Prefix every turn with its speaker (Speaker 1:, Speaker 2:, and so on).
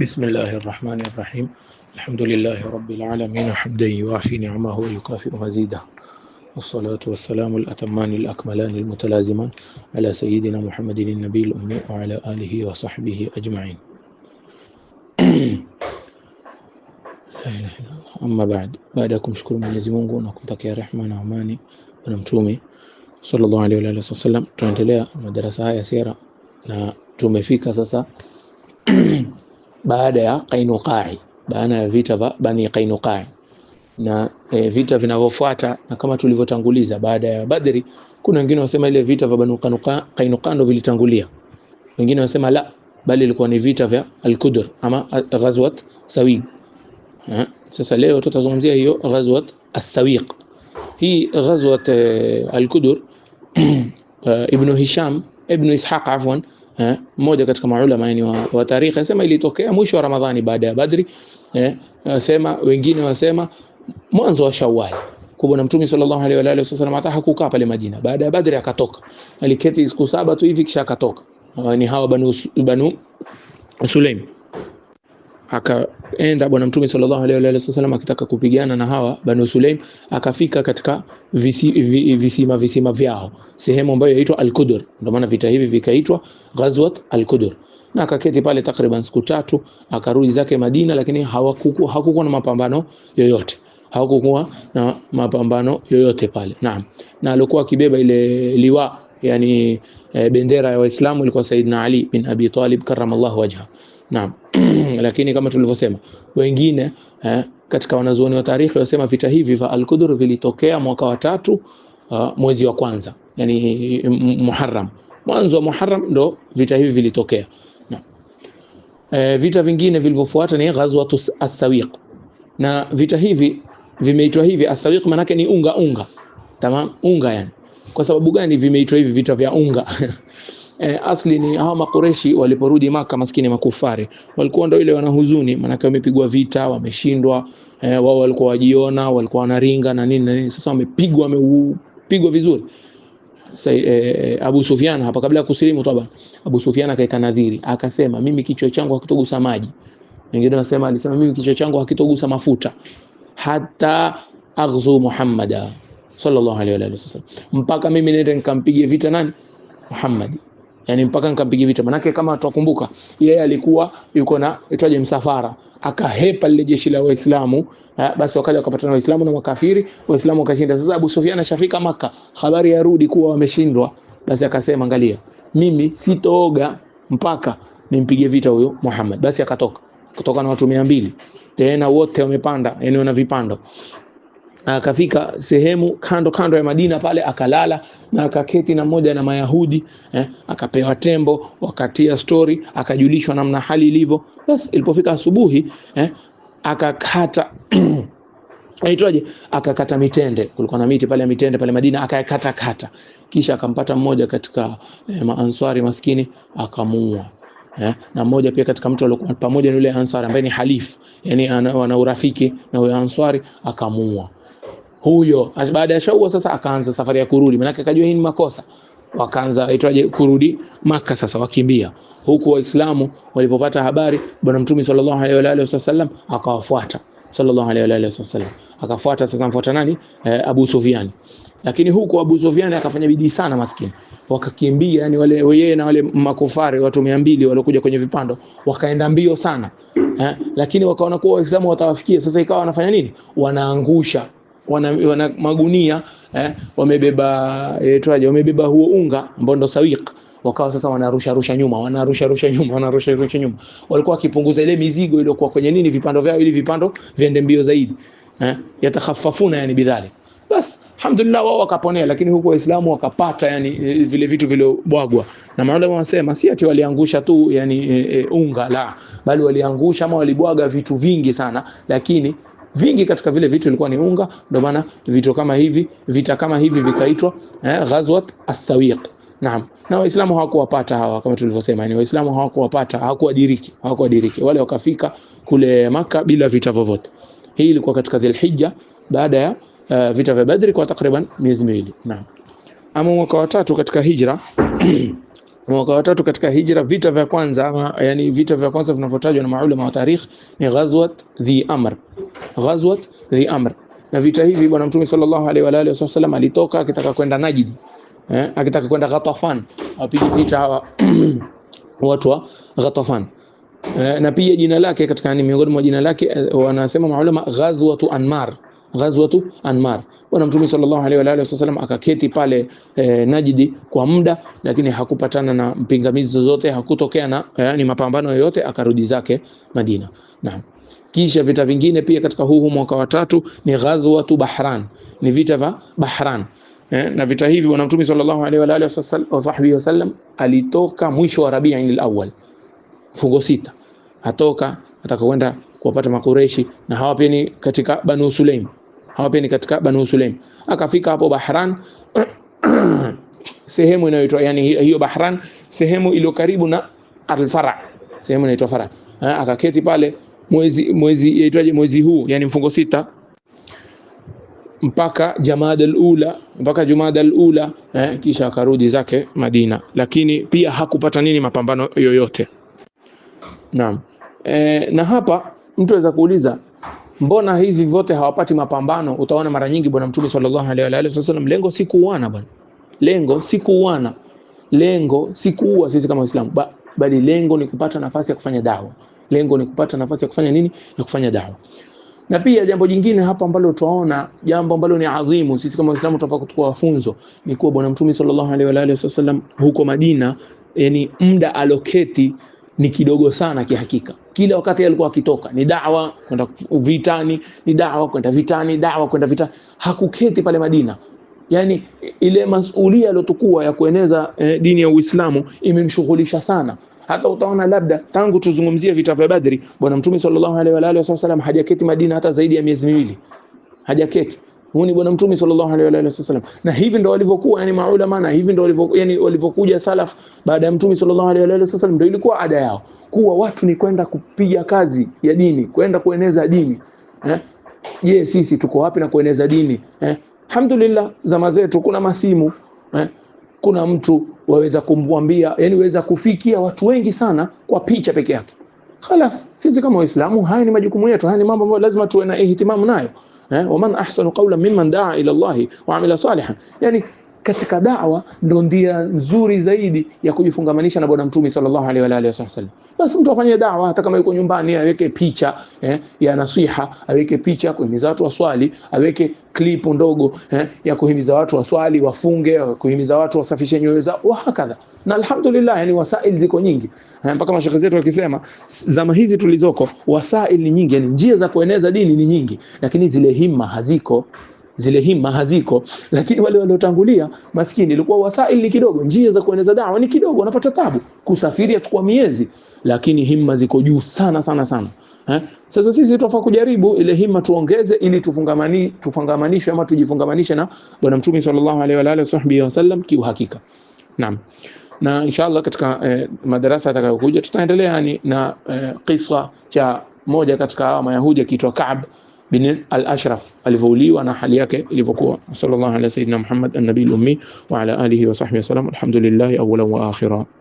Speaker 1: بسم الله الرحمن الرحيم الحمد لله رب العالمين حمدا يوافي نعمه ويكافئ مزيده والصلاة والسلام الأتمان الأكملان المتلازمان على سيدنا محمد النبي الأمي وعلى آله وصحبه أجمعين أما بعد بعد بعدكم شكر من يزي مونغو نكتك يا رحمن عماني ونمتومي صلى الله عليه وآله وسلم تنتلي مدرسة يا سيرة تومي فيك سسا baada ya Qainuqai, baada ya vita vya Bani Qainuqai na e, vita vinavyofuata, na kama tulivyotanguliza baada ya Badri, kuna wengine wasema ile vita vya Bani Qainuqa ndio vilitangulia, wengine wasema la, bali ilikuwa ni vita vya Al-Qudr ama Ghazwat Sawiq. Sasa leo tutazungumzia hiyo Ghazwat As-Sawiq. Hii Ghazwat e, Al-Qudr e, Ibn Hisham Ibn Ishaq afwan eh, mmoja katika maulama yani wa, wa tarikhi anasema ilitokea mwisho wa Ramadhani baada ya Badri eh, anasema wengine wasema mwanzo wa Shawwal kwa Bwana Mtume sallallahu alaihi wa alihi wasallam hata hakukaa pale Madina. Baada ya Badri akatoka, aliketi siku saba tu hivi kisha akatoka. Ni hawa banu banu Sulaim akaenda Bwana Mtume sallallahu alaihi wa wasallam akitaka kupigana na hawa Banu Sulaim, akafika katika visi, v, visima visima vyao sehemu ambayo inaitwa Al-Qudur. Ndio maana vita hivi vikaitwa Ghazwat Al-Qudur, na akaketi pale takriban siku tatu, akarudi zake Madina, lakini hawakukua hakukuwa na mapambano yoyote hawakukuwa na mapambano yoyote pale. Naam, na alikuwa akibeba ile liwa yani e, bendera ya Waislamu ilikuwa Saidina Ali bin Abi Talib karamallahu wajha Naam. Lakini kama tulivyosema wengine eh, katika wanazuoni wa tarehe wasema vita hivi vya Al-Qudr vilitokea mwaka wa tatu uh, mwezi wa kwanza yani eh, Muharram, mwanzo wa Muharram ndo vita hivi vilitokea. Naam. E, vita vingine vilivyofuata ni Ghazwatu as na vita hivi vimeitwa hivi As-Sawiq manake ni unga unga. Tamam, unga yani. Kwa sababu gani vimeitwa hivi vita vya unga? eh, asli ni hawa Makureshi waliporudi Maka, maskini makufari walikuwa ndio ile wana huzuni, maanake wamepigwa vita, wameshindwa. Eh, wao walikuwa wajiona, walikuwa wanaringa na nini na nini, sasa wamepigwa, wamepigwa vizuri. Sa, eh, eh, Abu Sufyan hapa kabla ya kusilimu toba, Abu Sufyan akaeka nadhiri akasema, mimi kichwa changu hakitogusa maji. Wengine wanasema alisema, mimi kichwa changu hakitogusa mafuta hata aghzu Muhammada sallallahu alaihi wasallam, mpaka mimi niende nikampige vita nani Muhammad yani mpaka nikampiga vita, manake kama tutakumbuka, yeye alikuwa yuko na itwaje msafara, akahepa lile jeshi la Waislamu. Eh, basi wakaja wakapatana Waislamu na makafiri, Waislamu wakashinda. Sasa Abu Sufyan ashafika Maka, habari ya rudi kuwa wameshindwa, basi akasema, angalia, mimi sitooga mpaka nimpige vita huyo Muhammad. Basi akatoka kutoka na watu mia mbili tena wote wamepanda, yani wana vipando na akafika sehemu kando kando ya Madina pale akalala na akaketi na mmoja na Mayahudi eh, akapewa tembo wakatia stori, akajulishwa namna hali ilivyo. Basi ilipofika asubuhi eh, akakata aitwaje, akakata mitende. Kulikuwa na miti pale ya mitende pale Madina, akayakata kata, kisha akampata mmoja katika eh, maanswari maskini akamuua. Eh, na mmoja pia katika mtu aliyokuwa pamoja na yule ansari ambaye ni halifu, yani ana urafiki na yule answari akamuua huyo baada ya shaua sasa akaanza safari ya kurudi, maanake akajua hii ni makosa, wakaanza itwaje kurudi Maka, sasa wakimbia huku. Waislamu walipopata habari, Bwana Mtume sallallahu alaihi wa alihi wasallam akawafuata, sallallahu alaihi wa alihi wasallam akafuata. Sasa mfuata nani? E, Abu Sufyan. Lakini huku Abu Sufyan akafanya bidii sana, maskini wakakimbia, yani wale yeye na wale makufari watu 200 waliokuja kwenye vipando wakaenda mbio sana eh, lakini wakaona kuwa Waislamu watawafikia. Sasa ikawa wanafanya nini? Wanaangusha wana, wana magunia eh, wamebeba eh, wamebeba huo unga ambao ndo sawiq wakawa sasa wanarusha rusha nyuma wanarusha rusha nyuma wanarusha rusha nyuma, walikuwa wakipunguza ile mizigo iliyokuwa kwenye nini vipando vyao, ili vipando viende mbio zaidi eh, yatakhaffafuna yani bidhalik. Bas, alhamdulillah wao wakaponea, lakini huko Waislamu wakapata yani eh, vile vitu vile bwagwa na maulama. Wanasema si ati waliangusha tu yani e, e, unga la, bali waliangusha ama walibwaga vitu vingi sana, lakini vingi katika vile vitu ilikuwa ni unga, ndio maana vitu kama hivi vita kama hivi vikaitwa eh, Ghazwat as Naam. Na Waislamu hawakuwapata hawa kama tulivyosema, yani Waislamu hawakuwapata, hawakuadiriki, hawakuadiriki. Wale wakafika kule Maka bila vita vovote. Hii ilikuwa katika Dhulhijja baada ya uh, vita vya Badri kwa takriban miezi miwili. Naam. Ama mwaka wa tatu katika Hijra mwaka wa tatu katika hijra, vita vya kwanza ama yani vita vya kwanza vinavyotajwa na maulama wa tarikh ni ghazwat dhi amr, ghazwat dhi amr. Na vita hivi bwana mtume sallallahu alaihi wa alihi wasallam alitoka akitaka kwenda Najd, eh, akitaka kwenda Ghatafan, apige vita hawa watu wa Ghatafan. Eh, na pia jina lake katika ni miongoni mwa jina lake eh, wanasema maulama ghazwatu Anmar Ghazwatu Anmar. Bwana Mtume sallallahu alaihi wa alihi wasallam akaketi pale e, Najdi kwa muda, lakini hakupatana na mpingamizi zozote, hakutokea na yani mapambano yoyote, akarudi zake Madina. Naam. Kisha vita vingine pia katika huu mwaka wa tatu ni Ghazwatu Bahran, ni vita vya Bahran. Eh, na vita hivi bwana Mtume sallallahu alaihi wa alihi wasallam wasahbihi wasallam alitoka mwisho wa Rabiul Awwal, fungo sita, atoka atakwenda kuwapata Makureshi na hawa pia ni katika Banu Sulaim, hawa pia ni katika Banu Sulaim. Akafika hapo Bahran sehemu inayoitwa yani hiyo Bahran, sehemu iliyo karibu na Al-Fara, sehemu inaitwa Fara. Akaketi pale mwezi mwezi yaitwaje, mwezi huu yani mfungo sita mpaka Jamada al-Ula mpaka Jumada al-Ula eh, kisha akarudi zake Madina, lakini pia hakupata nini mapambano yoyote. Naam. eh, na hapa Mtu anaweza kuuliza mbona hizi vyote hawapati mapambano? Utaona mara nyingi bwana Mtume sallallahu alaihi wa alihi wasallam, lengo si kuuana bwana, lengo si kuuana, lengo si kuua sisi kama Waislamu ba, bali lengo ni kupata nafasi ya kufanya dawa. Lengo ni kupata nafasi ya kufanya nini? Ya kufanya dawa. Na pia jambo jingine hapa ambalo tunaona jambo ambalo ni adhimu, sisi kama Waislamu tunafaa kuchukua funzo, ni kuwa bwana Mtume sallallahu alaihi wa alihi wasallam huko Madina, yani muda aloketi ni kidogo sana kihakika. Kila wakati alikuwa akitoka, ni dawa kwenda vitani, ni dawa kwenda vitani, dawa kwenda vitani, hakuketi pale Madina. Yani ile masulia aliyotukua ya kueneza eh, dini ya Uislamu imemshughulisha sana. Hata utaona labda tangu tuzungumzie vita vya Badri, bwana Mtume sallallahu alaihi wa alihi wasallam hajaketi Madina hata zaidi ya miezi miwili, hajaketi huu ni bwana mtume sallallahu alaihi wa sallam, na hivi ndio walivyokuwa yani maulama, na hivi ndio walivyo yani walivyokuja salaf baada ya mtume sallallahu alaihi wa sallam, ndio ilikuwa ada yao kuwa watu ni kwenda kupiga kazi ya dini, kwenda kueneza dini eh. Je, yes, sisi tuko wapi na kueneza dini eh? Alhamdulillah, zama zetu kuna masimu eh? Kuna mtu waweza kumwambia yani, waweza kufikia watu wengi sana kwa picha peke yake. Khalas, sisi kama Waislamu haya ni majukumu yetu, haya ni mambo ambayo lazima tuwe na ihtimamu nayo. Eh, waman ahsanu qawlan mimman daa ila Allahi wa amila salihan. Yani katika da'wa ndo ndia nzuri zaidi ya kujifungamanisha na bwana mtume sallallahu alaihi wa alihi wasallam. Basi mtu afanye da'wa, hata kama yuko nyumbani aweke picha eh, ya nasiha, aweke picha kuhimiza watu waswali, aweke klipu ndogo eh, ya kuhimiza watu waswali, wafunge, kuhimiza watu wasafishe nyoyo zao wa hakadha. Na alhamdulillah, yani wasail ziko nyingi eh, mpaka mashaka zetu wakisema zama hizi tulizoko wasail ni nyingi, yani njia za kueneza dini ni nyingi, lakini zile himma haziko zile himma haziko, lakini wale waliotangulia maskini ilikuwa wasaili ni kidogo, njia za kueneza dawa ni kidogo, wanapata tabu kusafiri kwa miezi, lakini himma ziko juu sana sana sana. Eh, Sasa sisi tutafaa kujaribu ile himma tuongeze, ili tufungamani tufungamanishe ama tujifungamanishe na Bwana Mtume sallallahu alaihi wa alihi wasahbihi wasallam kwa uhakika. Naam. Na inshallah katika eh, madarasa atakayokuja tutaendelea yani na eh, kisa cha moja katika hawa Mayahudi akiitwa Kaab. بن الاشرف الفولي وانا حاليا كليفوكو صلى الله على سيدنا محمد النبي الامي وعلى اله وصحبه وسلم الحمد لله اولا واخرا